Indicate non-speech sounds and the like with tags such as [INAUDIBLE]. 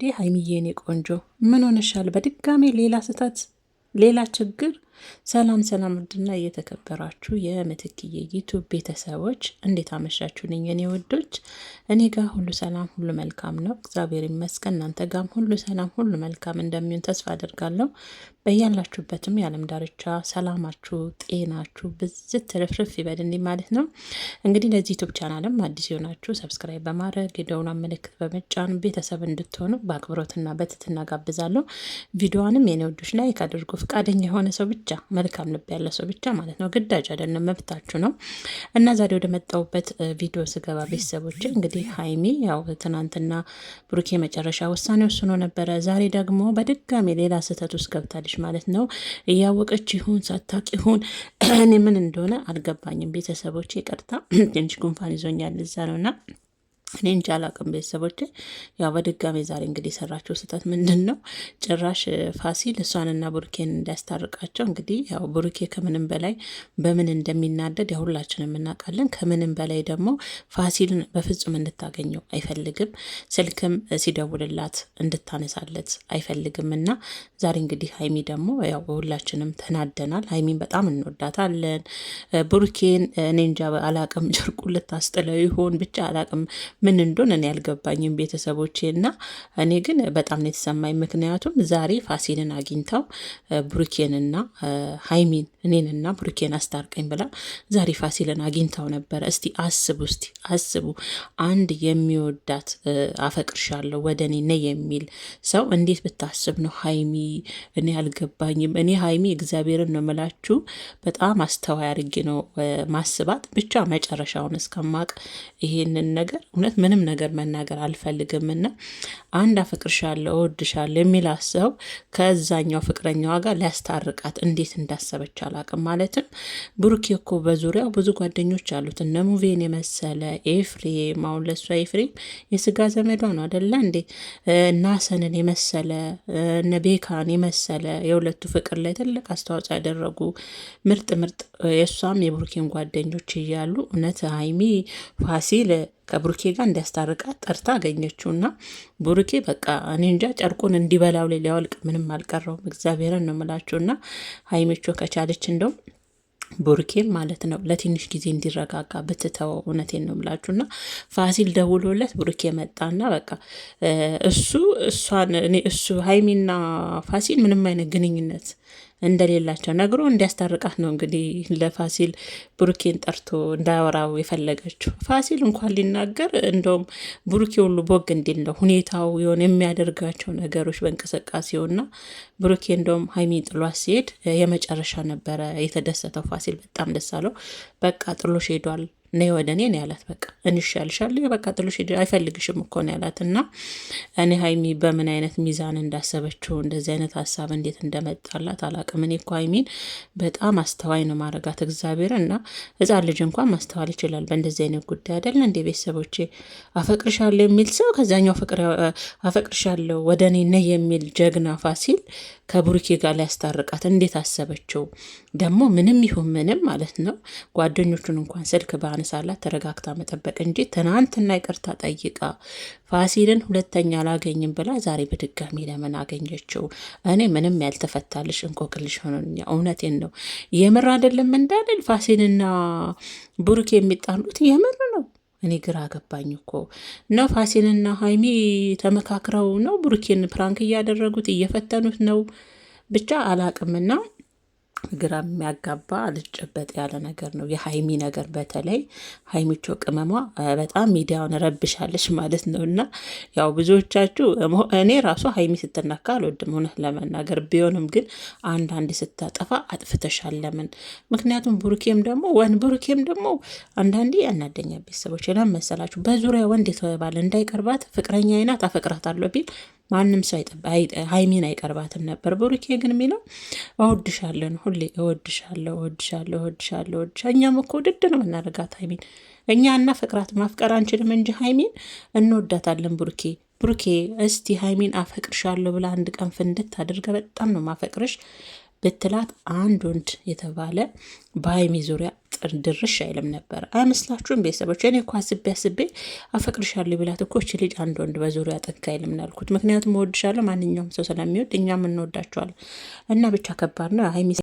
እንዲህ ሀይሚዬ፣ የኔ ቆንጆ ምን ሆነሻል? በድጋሜ ሌላ ስህተት፣ ሌላ ችግር ሰላም ሰላም፣ ውድና እየተከበራችሁ የምትክዬ ዩቱብ ቤተሰቦች እንዴት አመሻችሁልኝ? የኔ ውዶች፣ እኔ ጋር ሁሉ ሰላም፣ ሁሉ መልካም ነው፣ እግዚአብሔር ይመስገን። እናንተ ጋም ሁሉ ሰላም፣ ሁሉ መልካም እንደሚሆን ተስፋ አደርጋለሁ። በያላችሁበትም የዓለም ዳርቻ ሰላማችሁ፣ ጤናችሁ ብዝት ትርፍርፍ ይበልልኝ ማለት ነው። እንግዲህ ለዚህ ዩቱብ ቻናልም አዲስ የሆናችሁ ሰብስክራይብ በማድረግ የደውል ምልክት በመጫን ቤተሰብ እንድትሆኑ በአክብሮትና በትትና ጋብዛለሁ። ቪዲዮዋንም የኔ ውዶች ላይክ አድርጉ። ፈቃደኛ የሆነ ሰው ብቻ ብቻ መልካም ልብ ያለ ሰው ብቻ ማለት ነው። ግዳጅ አይደለም፣ መብታችሁ ነው። እና ዛሬ ወደ መጣሁበት ቪዲዮ ስገባ ቤተሰቦች እንግዲህ ሀይሚ ያው ትናንትና ብሩኬ መጨረሻ ውሳኔ ወስኖ ነበረ። ዛሬ ደግሞ በድጋሚ ሌላ ስህተት ውስጥ ገብታለች ማለት ነው። እያወቀች ይሁን ሳታቅ ይሁን [CLEARS THROAT] እኔ ምን እንደሆነ አልገባኝም። ቤተሰቦች ይቅርታ፣ [CLEARS THROAT] ትንሽ ጉንፋን ይዞኛል፣ እዛ ነው እና እኔ እንጃ አላቅም። ቤተሰቦች ያው በድጋሚ ዛሬ እንግዲህ የሰራችው ስህተት ምንድን ነው? ጭራሽ ፋሲል እሷንና ቡርኬን እንዳያስታርቃቸው እንግዲህ ያው ቡርኬ ከምንም በላይ በምን እንደሚናደድ ያው ሁላችንም እናውቃለን። ከምንም በላይ ደግሞ ፋሲልን በፍጹም እንድታገኘው አይፈልግም። ስልክም ሲደውልላት እንድታነሳለት አይፈልግም። እና ዛሬ እንግዲህ ሀይሚ ደግሞ ያው ሁላችንም ተናደናል። ሀይሚን በጣም እንወዳታለን። ቡርኬን እኔ እንጃ አላቅም፣ ጭርቁ ልታስጥለው ይሆን ብቻ አላቅም ምን እንደሆነ እኔ ያልገባኝም ቤተሰቦቼ እና እኔ ግን በጣም ነው የተሰማኝ። ምክንያቱም ዛሬ ፋሲልን አግኝታው ብሩኬንና ሀይሚን እኔንና ብሩኬን አስታርቀኝ ብላ ዛሬ ፋሲልን አግኝታው ነበረ። እስቲ አስቡ እስቲ አስቡ አንድ የሚወዳት አፈቅርሻለሁ ወደ እኔ ነ የሚል ሰው እንዴት ብታስብ ነው ሀይሚ? እኔ አልገባኝም። እኔ ሀይሚ እግዚአብሔርን ነው የምላችሁ በጣም አስተዋይ አድርጌ ነው ማስባት ብቻ መጨረሻውን እስከማቅ ይሄንን ነገር እውነት ምንም ነገር መናገር አልፈልግም አልፈልግምና አንድ አፈቅርሻለሁ፣ እወድሻለሁ የሚላት ሰው ከዛኛው ፍቅረኛዋ ጋር ሊያስታርቃት እንዴት እንዳሰበች አላቅም። ማለትም ብሩኬ እኮ በዙሪያው ብዙ ጓደኞች አሉት እነ ሙቬን የመሰለ ኤፍሬም፣ አሁን ለሷ ኤፍሬም የስጋ ዘመዷ ነው አደለ እንዴ? ናሰንን የመሰለ እነ ቤካን የመሰለ የሁለቱ ፍቅር ላይ ትልቅ አስተዋጽኦ ያደረጉ ምርጥ ምርጥ የእሷም የብሩኬን ጓደኞች እያሉ እውነት ሀይሚ ፋሲል ከብሩኬ ጋር እንዲያስታርቃት ጠርታ አገኘችው እና ብሩኬ በቃ እኔ እንጃ ጨርቁን እንዲበላው ላይ ሊያወልቅ ምንም አልቀረውም። እግዚአብሔርን ነው የምላችሁ እና ሀይሜቾ ከቻለች እንደው ቡርኬም ማለት ነው ለትንሽ ጊዜ እንዲረጋጋ ብትተው፣ እውነቴን ነው የምላችሁና ፋሲል ደውሎለት ቡርኬ መጣና በቃ እሱ እሷን እሱ ሀይሚና ፋሲል ምንም አይነት ግንኙነት እንደሌላቸው ነግሮ እንዲያስታርቃት ነው እንግዲህ ለፋሲል ብሩኬን ጠርቶ እንዳወራው የፈለገችው። ፋሲል እንኳን ሊናገር እንደውም ብሩኬ ሁሉ ቦግ እንዲል ነው ሁኔታው የሆነ የሚያደርጋቸው ነገሮች በእንቅስቃሴውና ብሩኬ እንደውም ሀይሚን ጥሏት ሲሄድ የመጨረሻ ነበረ የተደሰተው። ፋሲል በጣም ደስ አለው። በቃ ጥሎሽ ሄዷል ነይ ወደ እኔ ነው ያላት። በቃ እንሻልሻለሁ በቃ ጥሎሽ አይፈልግሽም እኮ ነው ያላት። እና እኔ ሀይሚ በምን አይነት ሚዛን እንዳሰበችው እንደዚህ አይነት ሀሳብ እንዴት እንደመጣላት አላቅም። እኔ እኮ ሀይሚን በጣም አስተዋይ ነው ማድረጋት እግዚአብሔር እና ሕፃን ልጅ እንኳን ማስተዋል ይችላል በእንደዚህ አይነት ጉዳይ አይደለ እንደ ቤተሰቦቼ አፈቅርሻለሁ የሚል ሰው ከዛኛው አፈቅርሻለሁ ወደ እኔ ነይ የሚል ጀግና ፋሲል ከብሩኬ ጋር ሊያስታርቃት እንዴት አሰበችው? ደግሞ ምንም ይሁን ምንም ማለት ነው ጓደኞቹን እንኳን ስልክ በአነሳላት ተረጋግታ መጠበቅ እንጂ ትናንትና ይቅርታ ጠይቃ ፋሲልን ሁለተኛ አላገኝም ብላ ዛሬ በድጋሚ ለምን አገኘችው? እኔ ምንም ያልተፈታልሽ እንቆቅልሽ ሆኖኛ። እውነቴን ነው የምር አይደለም እንዳልል ፋሲልና ብሩኬ የሚጣሉት የምር እኔ ግራ ገባኝ እኮ ነው። ፋሲልና ሀይሚ ተመካክረው ነው ብሩኬን ፕራንክ እያደረጉት እየፈተኑት ነው። ብቻ አላቅምና ግራ የሚያጋባ አልጨበጥ ያለ ነገር ነው። የሀይሚ ነገር በተለይ ሀይሚቾ ቅመሟ በጣም ሚዲያውን ረብሻለች ማለት ነው። እና ያው ብዙዎቻችሁ እኔ ራሱ ሀይሚ ስትነካ አልወድም እውነት ለመናገር ቢሆንም ግን አንዳንድ ስታጠፋ አጥፍተሻል ለምን? ምክንያቱም ቡሩኬም ደግሞ ወን ቡሩኬም ደግሞ አንዳንዴ ያናደኛ ቤተሰቦች ለምን መሰላችሁ? በዙሪያ ወንድ የተባለ እንዳይቀርባት ፍቅረኛ አይናት አፈቅራታለሁ ቢል ማንም ሰው ሀይሚን አይቀርባትም ነበር። ብሩኬ ግን የሚለው እወድሻለን፣ ሁሌ እወድሻለሁ፣ እወድሻለሁ፣ እወድሻለሁ፣ እወድሻለሁ። እኛም እኮ ውድድ ነው እናደርጋት ሀይሚን። እኛ እና ፍቅራት ማፍቀር አንችልም እንጂ ሀይሚን እንወዳታለን። ብሩኬ ብሩኬ፣ እስቲ ሀይሚን አፈቅርሻለሁ ብላ አንድ ቀን ፍንድት አድርገ በጣም ነው ማፈቅርሽ ብትላት አንድ ወንድ የተባለ በሀይሚ ዙሪያ ጥር ድርሽ አይልም ነበር። አይመስላችሁም ቤተሰቦች? እኔ እኮ አስቤ አስቤ አፈቅርሻለሁ ብላት እኮ እች ልጅ አንድ ወንድ በዙሪያ ጠንካ አይልም ያልኩት፣ ምክንያቱም እወድሻለሁ ማንኛውም ሰው ስለሚወድ እኛም እንወዳቸዋለን። እና ብቻ ከባድ ነው ሀይሚ